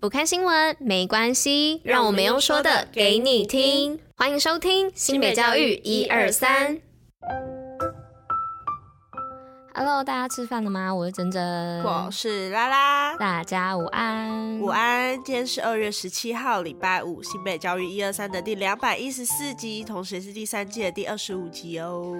不看新聞沒關係，讓我們用說的給你聽。歡迎收聽新北教育一二三。Hello，大家吃飯了嗎？我是珍珍，我是拉拉，大家午安。午安，今天是二月十七號，禮拜五，新北教育一二三的第兩百一十四集，同時是第三季的第二十五集哦。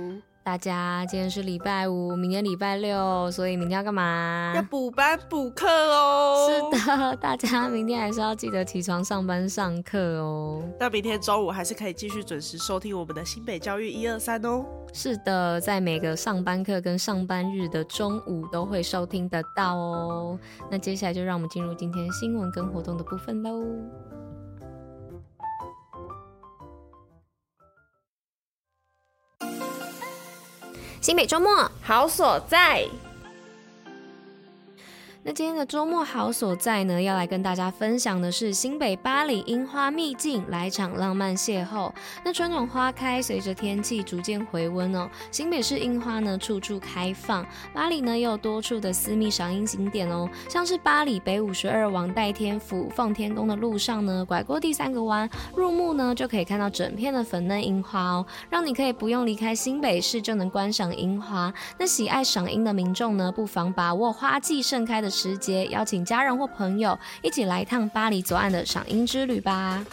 大家今天是禮拜五，明天禮拜六，所以明天要幹嘛？要補班補課哦。是的，大家明天還是要記得起床上班上課哦。那明天中午還是可以繼續準時收聽我們的新北教育一二三哦。是的，在每個上班課跟上班日的中午都會收聽得到哦。那接下來就讓我們進入今天新聞跟活動的部分嘍。新北周末好所在。那今天的周末好所在呢，要來跟大家分享的是新北八里櫻花秘境，來場浪漫邂逅。那春暖花開，隨着天氣逐漸回溫哦，新北市櫻花呢處處開放，八里呢又多處的私密賞櫻景點哦，像是八里北五十二王代天府奉天宮的路上呢，拐過第三個彎，入目呢就可以看到整片的粉嫩櫻花哦，讓你可以不用離開新北市就能觀賞櫻花。那喜愛賞櫻的民眾呢，不妨把握花季盛開的時節，邀請家人或朋友一起來一趟巴黎左岸的賞櫻之旅吧。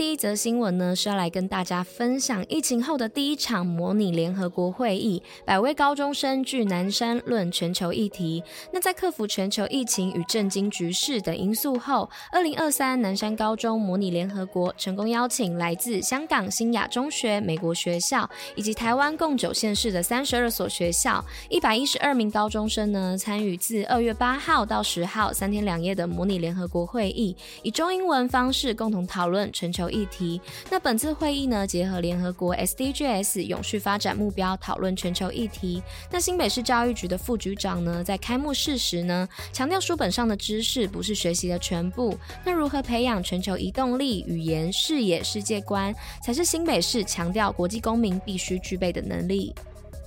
第一則新聞呢，是要來跟大家分享疫情後的第一場模擬聯合國會議，百位高中生聚南山論全球議題。那在克服全球疫情與震驚局勢等因素後，二零二三南山高中模擬聯合國成功邀請來自香港新亞中學、美國學校以及台灣共九縣市的三十二所學校，一百一十二名高中生呢，參與自二月八號到十號三天兩夜的模擬聯合國會議，以中英文方式共同討論全球。議題。那本次會議呢，結合聯合國 SDGs 永續發展目標，討論全球議題。那新北市教育局的副局長呢，在開幕式時呢，強調書本上的知識不是學習的全部。那如何培養全球移動力、語言、視野、世界觀，才是新北市強調國際公民必須具備的能力。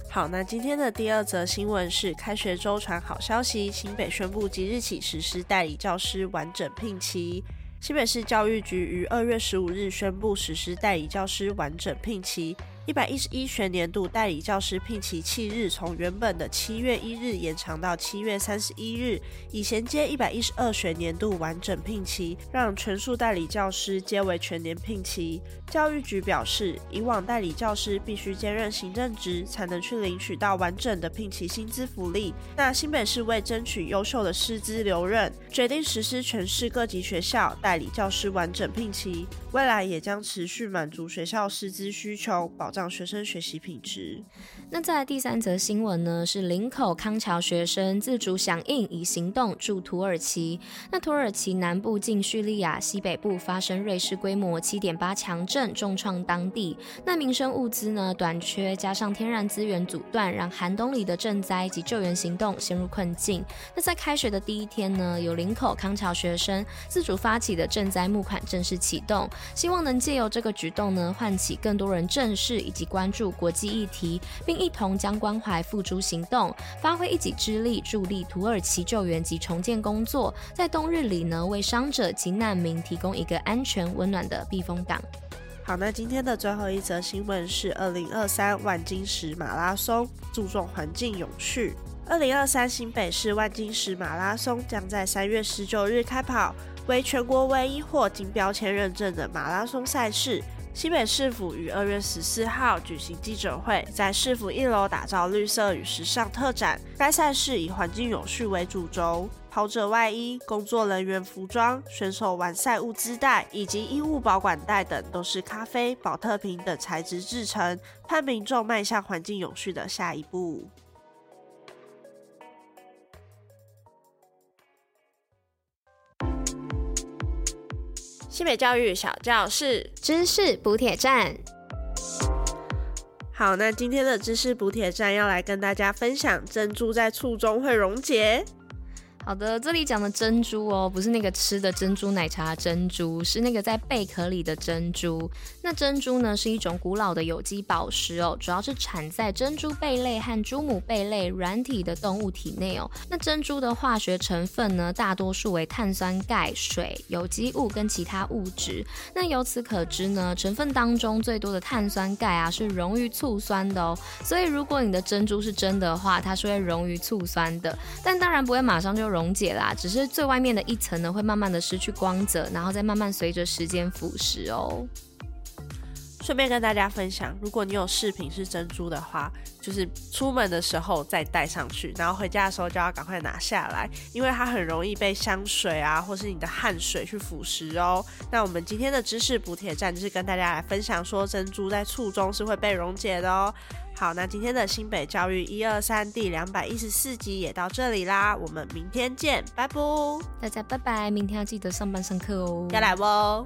好，那今天的第二則新聞是開學週傳好消息，新北宣布即日起實施代理教師完整聘期。新北市教育局於二月十五日宣布實施代理教師完整聘期。一百一十一學年度代理教師聘期迄日從原本的七月一日延長到七月三十一日，以銜接一百一十二學年度完整聘期，讓全數代理教師皆為全年聘期。教育局表示，以往代理教師必須兼任行政職，才能去領取到完整的聘期薪資福利。那新北市為爭取優秀的師資留任，決定實施全市各級學校代理教師完整聘期，未來也將持續滿足學校師資需求，保漲學生學習品質。那在第三則新聞呢，是林口康橋學生自主響應，以行動助土耳其。那土耳其南部近敘利亞西北部發生芮氏規模七點八強震，重創當地。那民生物資呢短缺，加上天然資源阻斷，讓寒冬裡的賑災及救援行動陷入困境。那在開學的第一天呢，有林口康橋學生自主發起的賑災募款正式啟動，希望能借由這個舉動呢，喚起更多人正視。以及關注國際議題，並一同將關懷付諸行動，發揮一己之力，助力土耳其救援及重建工作，在冬日裡呢，為傷者及難民提供一個安全溫暖的避風港。好，那今天的最後一則新聞是：二零二三萬金石馬拉松注重環境永續。二零二三新北市萬金石馬拉松將在三月十九日開跑，為全國唯一獲金標籤認證的馬拉松賽事。新北市府於二月十四號舉行記者會，在市府一樓打造綠色與時尚特展。該賽事以環境永續為主軸，跑者外衣、工作人員服裝、選手完賽物資袋以及衣物保管袋等，都是咖啡保特瓶等材質製成，盼民眾邁向環境永續的下一步。新北教育小教室知識補帖站，好，那今天的知識補帖站要來跟大家分享，珍珠在醋中會溶解。好的，這裡講的珍珠哦，不是那個吃的珍珠奶茶的珍珠，是那個在貝殼裡的珍珠。那珍珠呢，是一種古老的有機寶石哦，主要是產在珍珠貝類和珠母貝類軟體的動物體內哦。那珍珠的化學成分呢，大多數為碳酸鈣、水、有機物跟其他物質。那由此可知呢，成分當中最多的碳酸鈣啊，是溶於醋酸的哦。所以如果你的珍珠是真的話，它是會溶於醋酸的，但當然不會馬上就。溶解啦，只是最外面的一層呢，會慢慢的失去光澤，然後再慢慢隨着時間腐蝕哦。順便跟大家分享，如果你有飾品是珍珠的話，就是出門的時候再戴上去，然後回家的時候就要趕快拿下來，因為它很容易被香水啊，或是你的汗水去腐蝕哦。那我們今天的知識補帖站就是跟大家來分享說，珍珠在醋中是會被溶解的哦。好，那今天的新北教育一二三，第兩百一十四集也到這裡啦，我們明天見，拜拜，大家拜拜，明天要記得上班上課哦，要來哦。